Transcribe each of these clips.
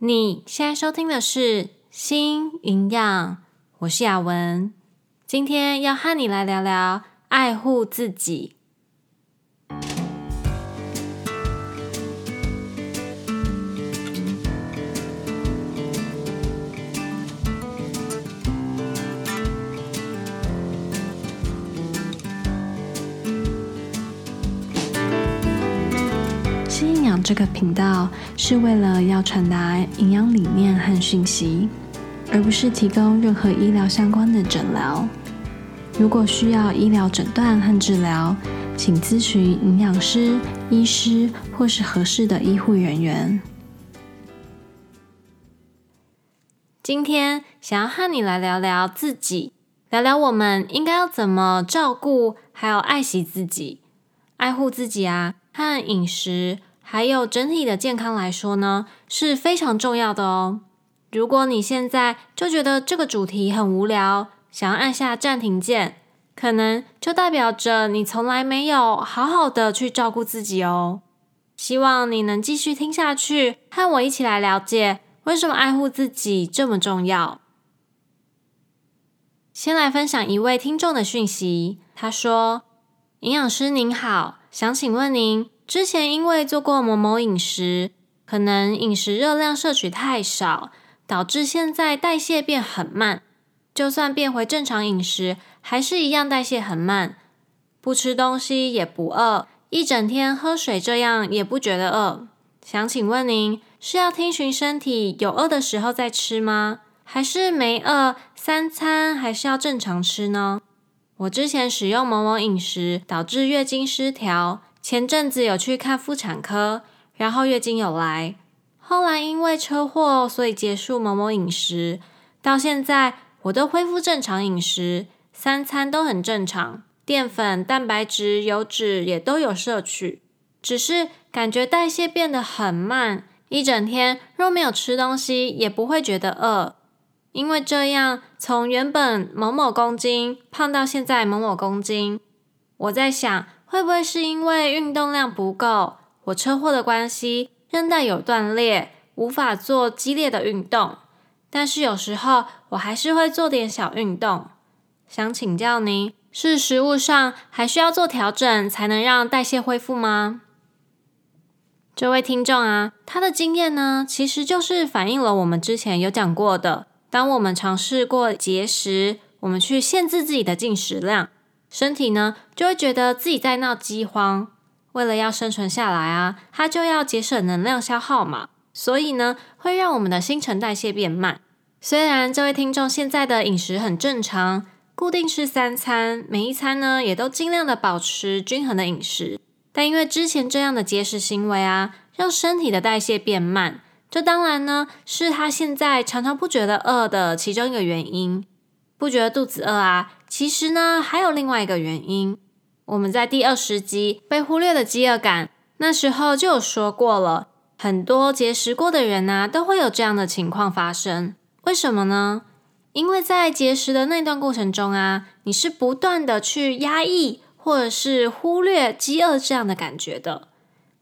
你現在收聽的是《新營養》，我是雅文，今天要和你來聊聊愛護自己。這個頻道是為了要傳達營養理念和訊息，而不是提供任何醫療相關的診療。如果需要醫療診斷和治療，請諮詢營養師、醫師或是合適的醫護人員。今天想要和你來聊聊自己，聊聊我們應該要怎麼照顧，還有愛惜自己、愛護自己啊，和飲食，還有整體的健康來說呢，是非常重要的哦。如果你現在就覺得這個主題很無聊，想要按下暫停鍵，可能就代表着你從來沒有好好的去照顧自己哦。希望你能繼續聽下去，和我一起來了解為什麼愛護自己這麼重要。先來分享一位聽眾的訊息，他說：“營養師您好，想請問您。”之前因為做過某某飲食，可能飲食熱量攝取太少，導致現在代謝變很慢。就算變回正常飲食，還是一樣代謝很慢。不吃東西也不餓，一整天喝水這樣也不覺得餓。想請問您是要聽循身體有餓的時候再吃嗎？還是沒餓，三餐還是要正常吃呢？我之前使用某某飲食，導致月經失調。前陣子有去看婦產科，然後月經有來。後來因為車禍，所以結束某某飲食，到現在我都恢復正常飲食，三餐都很正常，澱粉、蛋白質、油脂也都有攝取，只是感覺代謝變得很慢，一整天若沒有吃東西，也不會覺得餓。因為這樣，從原本某某公斤胖到現在某某公斤，我在想，會不會是因為運動量不夠，我車禍的關係，韌帶有斷裂，無法做激烈的運動。但是有時候我還是會做點小運動。想請教您，是食物上還需要做調整，才能讓代謝恢復嗎？這位聽眾啊，他的經驗呢，其實就是反映了我們之前有講過的：當我們嘗試過節食，我們去限制自己的進食量。身體呢，就會覺得自己在鬧饑荒，為了要生存下來啊，它就要節省能量消耗嘛，所以呢，會讓我們的新陳代謝變慢。雖然這位聽眾現在的飲食很正常，固定式三餐，每一餐呢也都儘量的保持均衡的飲食，但因為之前這樣的節食行為啊，讓身體的代謝變慢，這當然呢是他現在常常不覺得餓的其中一個原因，不覺得肚子餓啊。其實呢，還有另外一個原因，我們在第二十集被忽略的飢餓感，那時候就有說過了。很多節食過的人吶、啊，都會有這樣的情況發生。為什麼呢？因為在節食的那段過程中啊，你是不斷的去壓抑或者是忽略飢餓這樣的感覺的。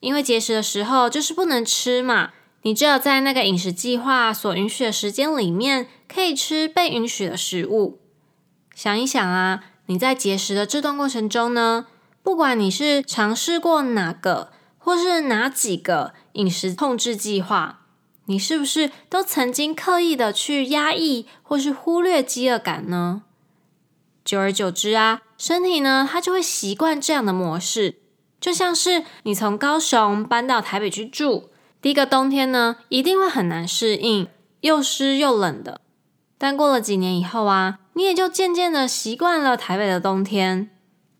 因為節食的時候就是不能吃嘛，你只有在那個飲食計劃所允許的時間裡面，可以吃被允許的食物。想一想啊，你在節食的這段過程中呢，不管你是嘗試過哪個或是哪幾個飲食控制計劃，你是不是都曾經刻意的去壓抑或是忽略飢餓感呢？久而久之啊，身體呢，它就會習慣這樣的模式。就像是你從高雄搬到台北去住，第一個冬天呢，一定會很難適應，又濕又冷的。但過了幾年以後啊，你也就漸漸的習慣了台北的冬天，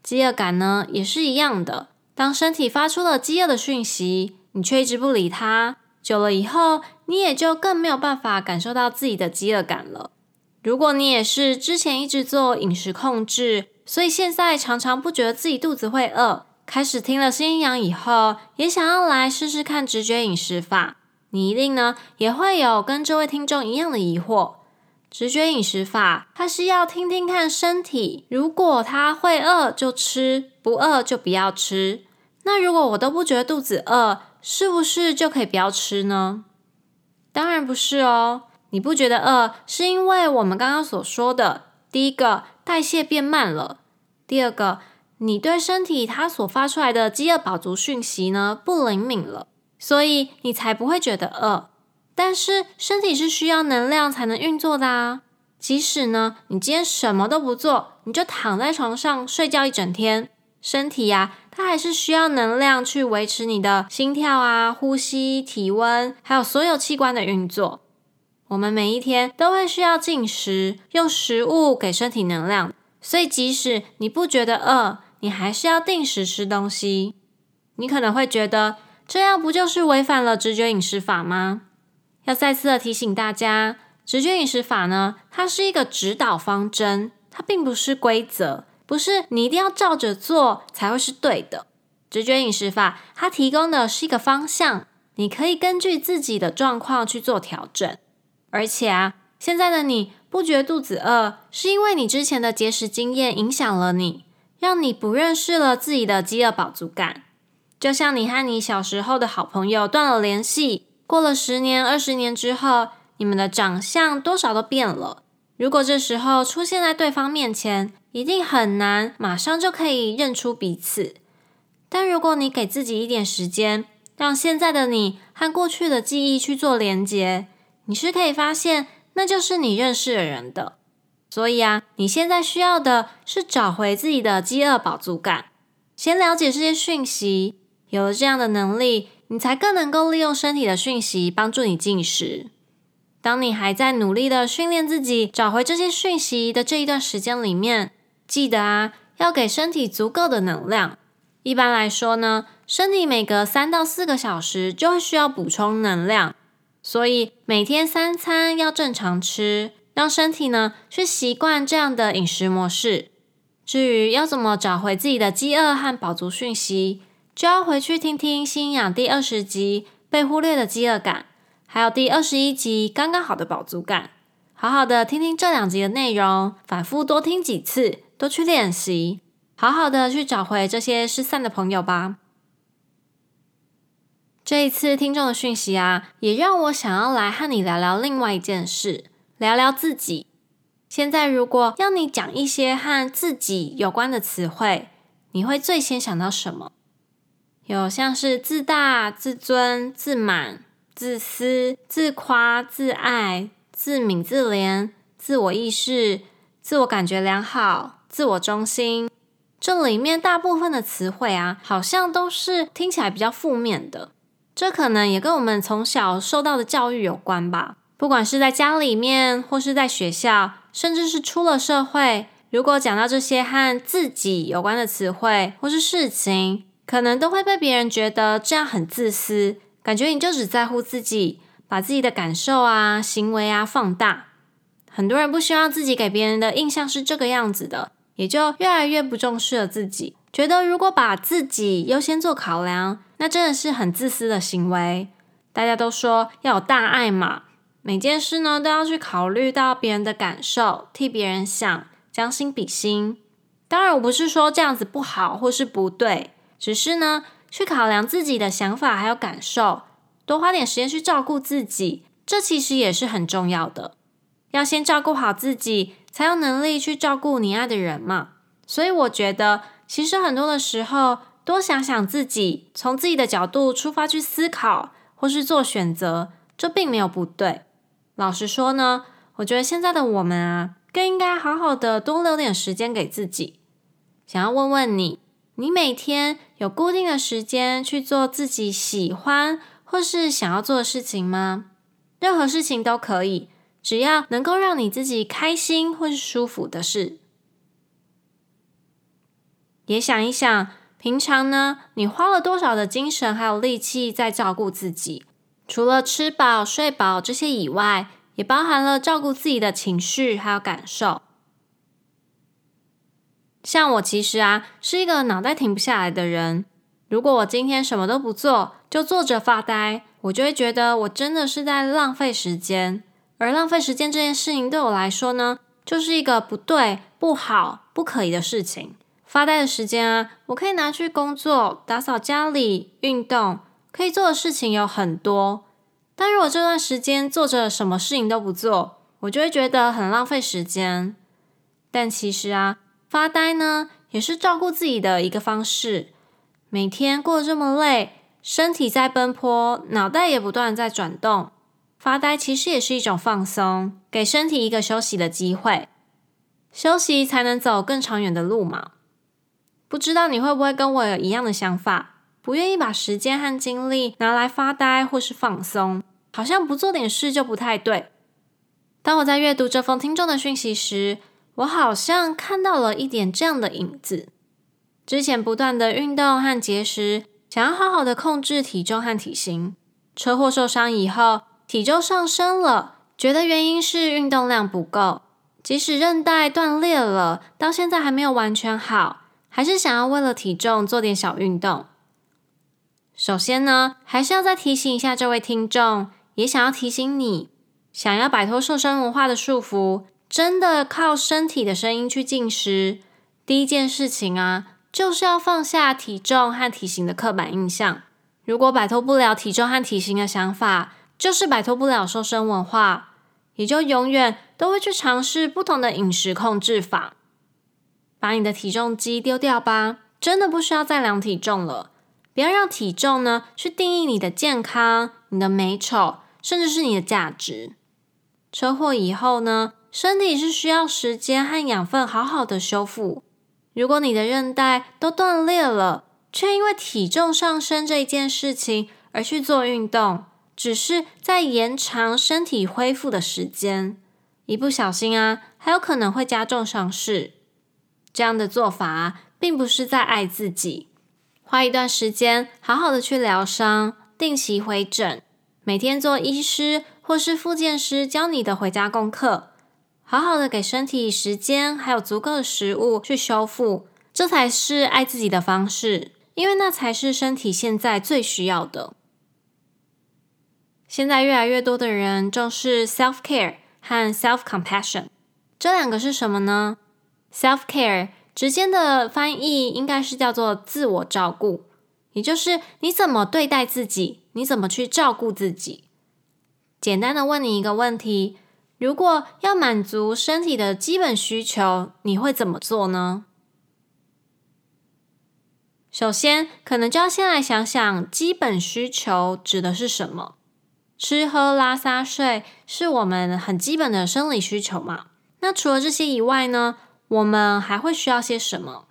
飢餓感呢也是一樣的。當身體發出了飢餓的訊息，你卻一直不理它，久了以後，你也就更沒有辦法感受到自己的飢餓感了。如果你也是之前一直做飲食控制，所以現在常常不覺得自己肚子會餓，開始聽了新營養以後，也想要來試試看直覺飲食法，你一定呢也會有跟這位聽眾一樣的疑惑。直覺飲食法，它是要聽聽看身體，如果它會餓就吃，不餓就不要吃。那如果我都不覺得肚子餓，是不是就可以不要吃呢？當然不是哦，你不覺得餓，是因為我們剛剛所說的，第一個，代謝變慢了，第二個，你對身體它所發出來的飢餓飽足訊息呢，不靈敏了，所以你才不會覺得餓。但是身體是需要能量才能運作的啊！即使呢，你今天什麼都不做，你就躺在床上睡覺一整天，身體呀、啊，它還是需要能量去維持你的心跳啊、呼吸、體溫，還有所有器官的運作。我們每一天都會需要進食，用食物給身體能量，所以即使你不覺得餓，你還是要定時吃東西。你可能會覺得這樣不就是違反了直覺飲食法嗎？那再次的提醒大家，直覺飲食法呢，它是一個指導方針，它並不是規則，不是你一定要照着做才會是對的。直覺飲食法它提供的是一個方向，你可以根據自己的狀況去做調整。而且啊，現在的你不覺肚子餓，是因為你之前的節食經驗影響了你，讓你不認識了自己的飢餓飽足感，就像你和你小時候的好朋友斷了聯繫。過了十年、二十年之後，你們的長相多少都變了。如果這時候出現在對方面前，一定很難馬上就可以認出彼此。但如果你給自己一點時間，讓現在的你和過去的記憶去做連接，你是可以發現，那就是你認識的人的。所以啊，你現在需要的是找回自己的飢餓飽足感，先了解這些訊息，有了這樣的能力。你才更能夠利用身體的訊息幫助你進食。當你還在努力的訓練自己找回這些訊息的這一段時間裡面，記得啊，要給身體足夠的能量。一般來說呢，身體每隔三到四個小時就會需要補充能量，所以每天三餐要正常吃，讓身體呢去習慣這樣的飲食模式。至於要怎麼找回自己的飢餓和飽足訊息？就要回去聽聽《新養》第二十集被忽略的飢餓感，還有第二十一集剛剛好的飽足感。好好的聽聽這兩集的內容，反覆多聽幾次，多去練習，好好的去找回這些失散的朋友吧。這一次聽眾的訊息啊，也讓我想要來和你聊聊另外一件事，聊聊自己。現在如果要你講一些和自己有關的詞彙，你會最先想到什麼？有像是自大、自尊、自滿、自私、自誇、自愛、自憫、自憐、自我意識、自我感覺良好、自我中心。這裡面大部分的詞彙啊，好像都是聽起來比較負面的。這可能也跟我們從小受到的教育有關吧。不管是在家裡面，或是在學校，甚至是出了社會，如果講到這些和自己有關的詞彙或是事情，可能都會被別人覺得這樣很自私，感覺你就只在乎自己，把自己的感受啊、行為啊放大。很多人不希望自己給別人的印象是這個樣子的，也就越來越不重視了自己。覺得如果把自己優先做考量，那真的是很自私的行為。大家都說要有大愛嘛，每件事呢都要去考慮到別人的感受，替別人想，將心比心。當然，我不是說這樣子不好或是不對。只是呢，去考量自己的想法還有感受，多花點時間去照顧自己，這其實也是很重要的。要先照顧好自己，才有能力去照顧你愛的人嘛。所以我覺得，其實很多的時候，多想想自己，從自己的角度出發去思考或是做選擇，這並沒有不對。老實說呢，我覺得現在的我們啊，更應該好好的多留點時間給自己。想要問問你。你每天有固定的時間去做自己喜歡或是想要做的事情嗎？任何事情都可以，只要能夠讓你自己開心或是舒服的事。也想一想，平常呢，你花了多少的精神還有力氣在照顧自己？除了吃飽睡飽這些以外，也包含了照顧自己的情緒還有感受。像我其實啊，是一個腦袋停不下來的人。如果我今天什麼都不做，就坐着發呆，我就會覺得我真的是在浪費時間。而浪費時間這件事情對我來說呢，就是一個不對、不好、不可以的事情。發呆的時間啊，我可以拿去工作、打掃家裡、運動，可以做的事情有很多。但如果這段時間坐着什麼事情都不做，我就會覺得很浪費時間。但其實啊，發呆呢，也是照顧自己的一個方式。每天過得這麼累，身體在奔波，腦袋也不斷在轉動。發呆其實也是一種放鬆，給身體一個休息的機會。休息才能走更長遠的路嘛。不知道你會不會跟我有一樣的想法，不願意把時間和精力拿來發呆或是放鬆，好像不做點事就不太對。當我在閱讀這封聽眾的訊息時，我好像看到了一點這樣的影子。之前不斷的運動和節食，想要好好的控制體重和體型。車禍受傷以後，體重上升了，覺得原因是運動量不夠。即使韌帶斷裂了，到現在還沒有完全好，還是想要為了體重做點小運動。首先呢，還是要再提醒一下這位聽眾，也想要提醒你，想要擺脫瘦身文化的束縛。真的靠身體的聲音去進食。第一件事情啊，就是要放下體重和體型的刻板印象。如果擺脫不了體重和體型的想法，就是擺脫不了瘦身文化，你就永遠都會去嘗試不同的飲食控制法。把你的體重機丟掉吧，真的不需要再量體重了。不要讓體重呢去定義你的健康、你的美醜，甚至是你的價值。車禍以後呢，身體是需要時間和養分好好的修復。如果你的韌帶都斷裂了，卻因為體重上升這一件事情而去做運動，只是在延長身體恢復的時間。一不小心啊，還有可能會加重傷勢。這樣的做法並不是在愛自己。花一段時間好好的去療傷，定期回診，每天做醫師或是復健師教你的回家功課。好好的給身體時間，還有足夠的食物去修復，這才是愛自己的方式，因為那才是身體現在最需要的。現在越來越多的人重視 self care 和 self compassion，這兩個是什麼呢？self care 直接的翻譯應該是叫做自我照顧，也就是你怎麼對待自己，你怎麼去照顧自己。簡單的問你一個問題。如果要滿足身體的基本需求，你會怎麼做呢？首先，可能就要先來想想基本需求指的是什麼。吃喝拉撒睡是我們很基本的生理需求嘛。那除了這些以外呢，我們還會需要些什麼？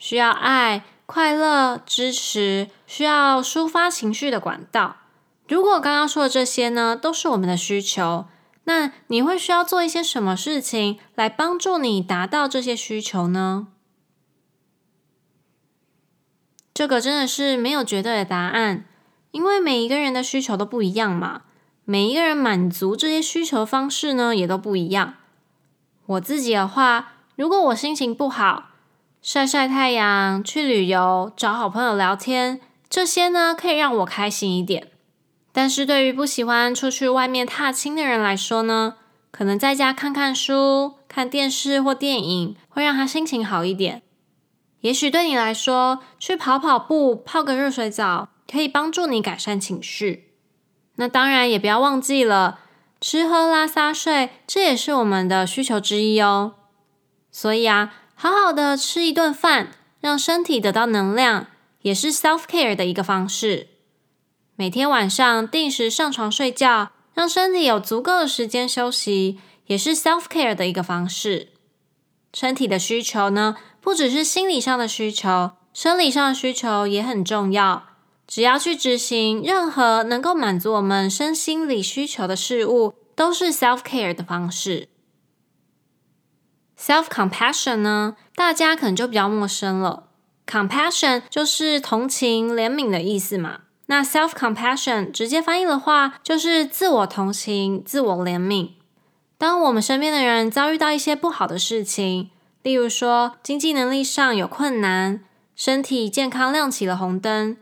需要愛、快樂、支持，需要抒發情緒的管道。如果剛剛說的這些呢，都是我們的需求，那你會需要做一些什麼事情來幫助你達到這些需求呢？這個真的是沒有絕對的答案，因為每一個人的需求都不一樣嘛，每一個人滿足這些需求方式呢，也都不一樣。我自己的話，如果我心情不好，曬曬太陽、去旅遊、找好朋友聊天，這些呢，可以讓我開心一點。但是對於不喜歡出去外面踏青的人來說呢，可能在家看看書、看電視或電影，會讓他心情好一點。也許對你來說，去跑跑步、泡個熱水澡，可以幫助你改善情緒。那當然也不要忘記了，吃喝拉撒睡，這也是我們的需求之一哦。所以啊，好好的吃一頓飯，讓身體得到能量，也是 self-care 的一個方式。每天晚上定時上床睡覺，讓身體有足夠的時間休息，也是 self care 的一個方式。身體的需求呢，不只是心理上的需求，生理上的需求也很重要。只要去執行任何能夠滿足我們身心理需求的事物，都是 self care 的方式。self compassion 呢，大家可能就比較陌生了。compassion 就是同情、憐憫的意思嘛。那 self compassion 直接翻譯的話，就是自我同情、自我憐憫。當我們身邊的人遭遇到一些不好的事情，例如說經濟能力上有困難、身體健康亮起了紅燈，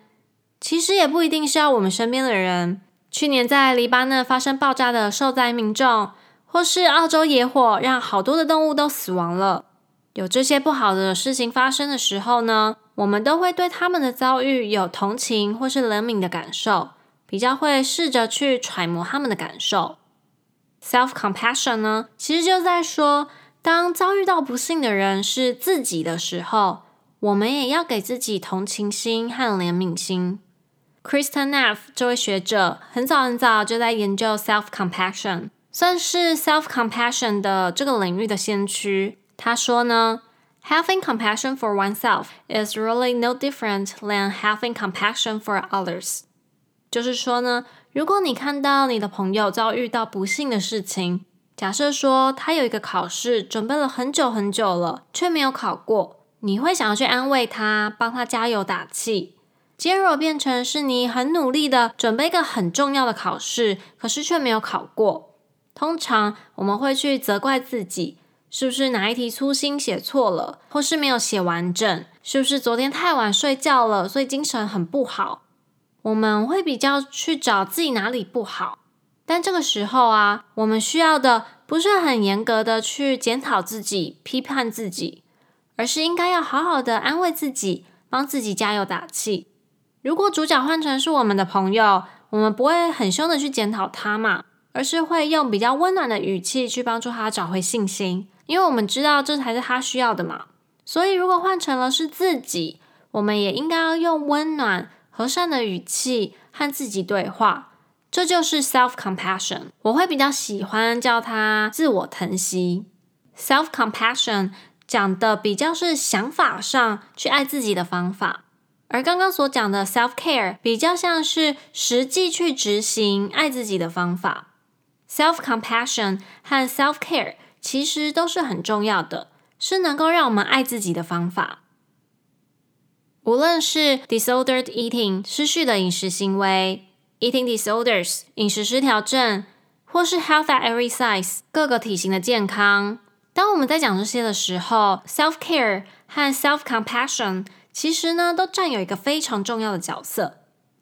其實也不一定是要我們身邊的人。去年在黎巴嫩發生爆炸的受災民眾，或是澳洲野火讓好多的動物都死亡了，有這些不好的事情發生的時候呢，我們都會對他們的遭遇有同情或是憐憫的感受，比較會試着去揣摩他們的感受。Self compassion 呢，其實就在說，當遭遇到不幸的人是自己的時候，我們也要給自己同情心和憐憫心。Kristin Neff 這位學者很早很早就在研究 self compassion，算是 self compassion 的這個領域的先驅。她說呢。Having compassion for oneself is really no different than having compassion for others。就是說呢，如果你看到你的朋友遭遇到不幸的事情，假設說他有一個考試，準備了很久很久了，卻沒有考過，你會想要去安慰他，幫他加油打氣。結果變成是你很努力的準備一個很重要的考試，可是卻沒有考過。通常我們會去責怪自己。是不是哪一題粗心寫錯了，或是沒有寫完整？是不是昨天太晚睡覺了，所以精神很不好？我們會比較去找自己哪裡不好，但這個時候啊，我們需要的不是很嚴格的去檢討自己、批判自己，而是應該要好好的安慰自己，幫自己加油打氣。如果主角換成是我們的朋友，我們不會很凶的去檢討他嘛，而是會用比較溫暖的語氣去幫助他找回信心。因為我們知道這才是他需要的嘛，所以如果換成了是自己，我們也應該要用溫暖和善的語氣和自己對話。這就是 self-compassion，我會比較喜歡叫它自我疼惜。self-compassion 講的比較是想法上去愛自己的方法，而剛剛所講的 self-care 比較像是實際去執行愛自己的方法。self-compassion 和 self-care。其實都是很重要的，是能夠讓我們愛自己的方法。無論是 disordered eating 失序的飲食行為，eating disorders 飲食失調症，或是 health at every size 各個體型的健康，當我們在講這些的時候，self care 和 self compassion 其實呢都占有一個非常重要的角色。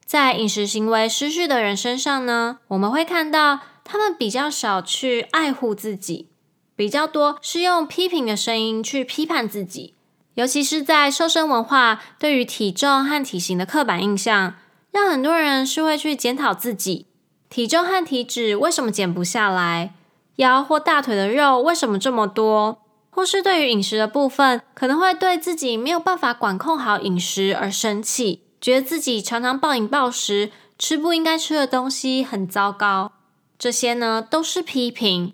在飲食行為失序的人身上呢，我們會看到他們比較少去愛護自己。比較多是用批評的聲音去批判自己，尤其是在瘦身文化對於體重和體型的刻板印象，讓很多人是會去檢討自己體重和體脂為什麼減不下來，腰或大腿的肉為什麼這麼多，或是對於飲食的部分，可能會對自己沒有辦法管控好飲食而生氣，覺得自己常常暴飲暴食，吃不應該吃的東西很糟糕。這些呢，都是批評。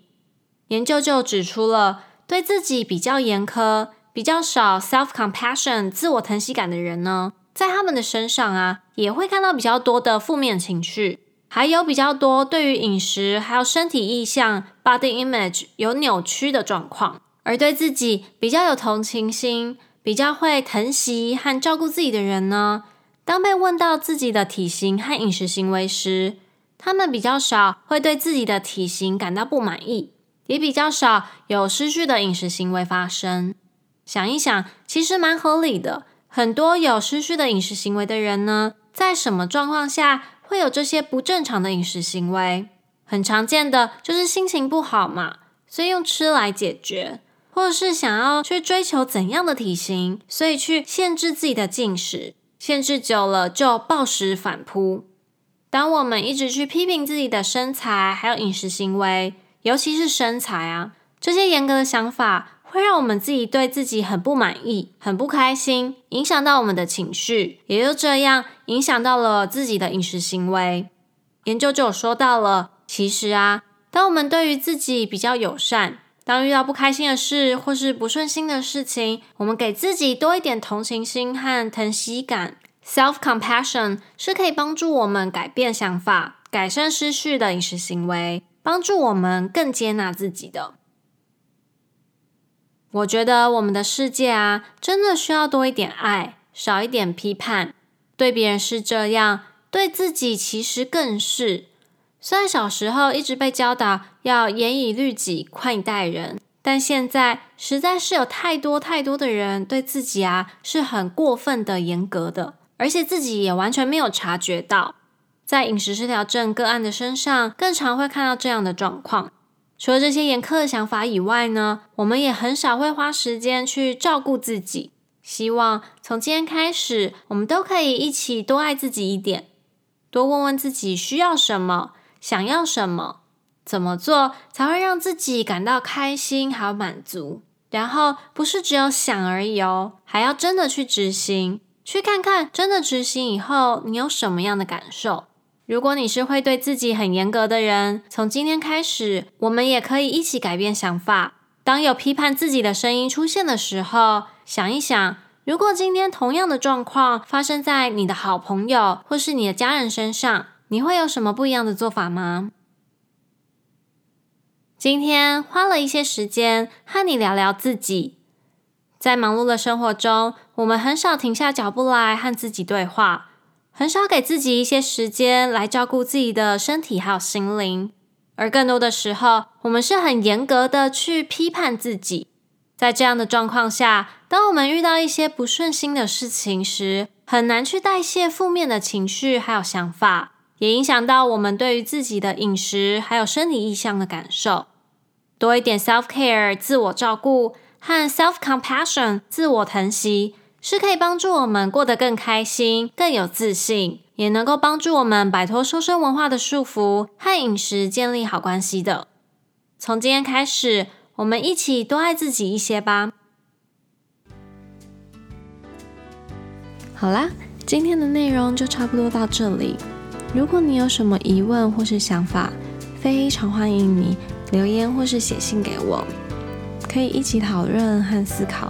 研究就指出了，對自己比較嚴苛、比較少 self-compassion 自我疼惜感的人呢，在他們的身上啊，也會看到比較多的負面情緒，還有比較多對於飲食還有身體意象 body image 有扭曲的狀況。而對自己比較有同情心、比較會疼惜和照顧自己的人呢，當被問到自己的體型和飲食行為時，他們比較少會對自己的體型感到不滿意。也比較少有失序的飲食行為發生。想一想，其實蠻合理的。很多有失序的飲食行為的人呢，在什麼狀況下會有這些不正常的飲食行為？很常見的就是心情不好嘛，所以用吃來解決；或者是想要去追求怎樣的體型，所以去限制自己的進食，限制久了就暴食反撲。當我們一直去批評自己的身材，還有飲食行為，尤其是身材啊，這些嚴格的想法會讓我們自己對自己很不滿意、很不開心，影響到我們的情緒，也就這樣影響到了自己的飲食行為。研究就有說到了，其實啊，當我們對於自己比較友善，當遇到不開心的事或是不順心的事情，我們給自己多一點同情心和疼惜感，self-compassion 是可以幫助我們改變想法、改善失序的飲食行為。幫助我們更接納自己的，我覺得我們的世界啊，真的需要多一點愛，少一點批判。對別人是這樣，對自己其實更是。雖然小時候一直被教導要嚴以律己、寬以待人，但現在實在是有太多太多的人對自己啊，是很過分的嚴格的，而且自己也完全沒有察覺到。在飲食失調症個案的身上，更常會看到這樣的狀況。除了這些嚴苛的想法以外呢，我們也很少會花時間去照顧自己。希望從今天開始，我們都可以一起多愛自己一點，多問問自己需要什麼、想要什麼、怎麼做才會讓自己感到開心還有滿足。然後，不是只有想而已哦，還要真的去執行，去看看真的執行以後，你有什麼樣的感受。如果你是會對自己很嚴格的人，從今天開始，我們也可以一起改變想法。當有批判自己的聲音出現的時候，想一想，如果今天同樣的狀況發生在你的好朋友或是你的家人身上，你會有什麼不一樣的做法嗎？今天花了一些時間和你聊聊自己。在忙碌的生活中，我們很少停下腳步來和自己對話。很少給自己一些時間來照顧自己的身體還有心靈，而更多的時候，我們是很嚴格的去批判自己。在這樣的狀況下，當我們遇到一些不順心的事情時，很難去代謝負面的情緒還有想法，也影響到我們對於自己的飲食還有身體意象的感受。多一點 self care 自我照顧和 self compassion 自我疼惜。是可以幫助我們過得更開心、更有自信，也能夠幫助我們擺脫瘦身文化的束縛，和飲食建立好關係的。從今天開始，我們一起多愛自己一些吧。好啦，今天的內容就差不多到這裡。如果你有什麼疑問或是想法，非常歡迎你留言或是寫信給我，可以一起討論和思考。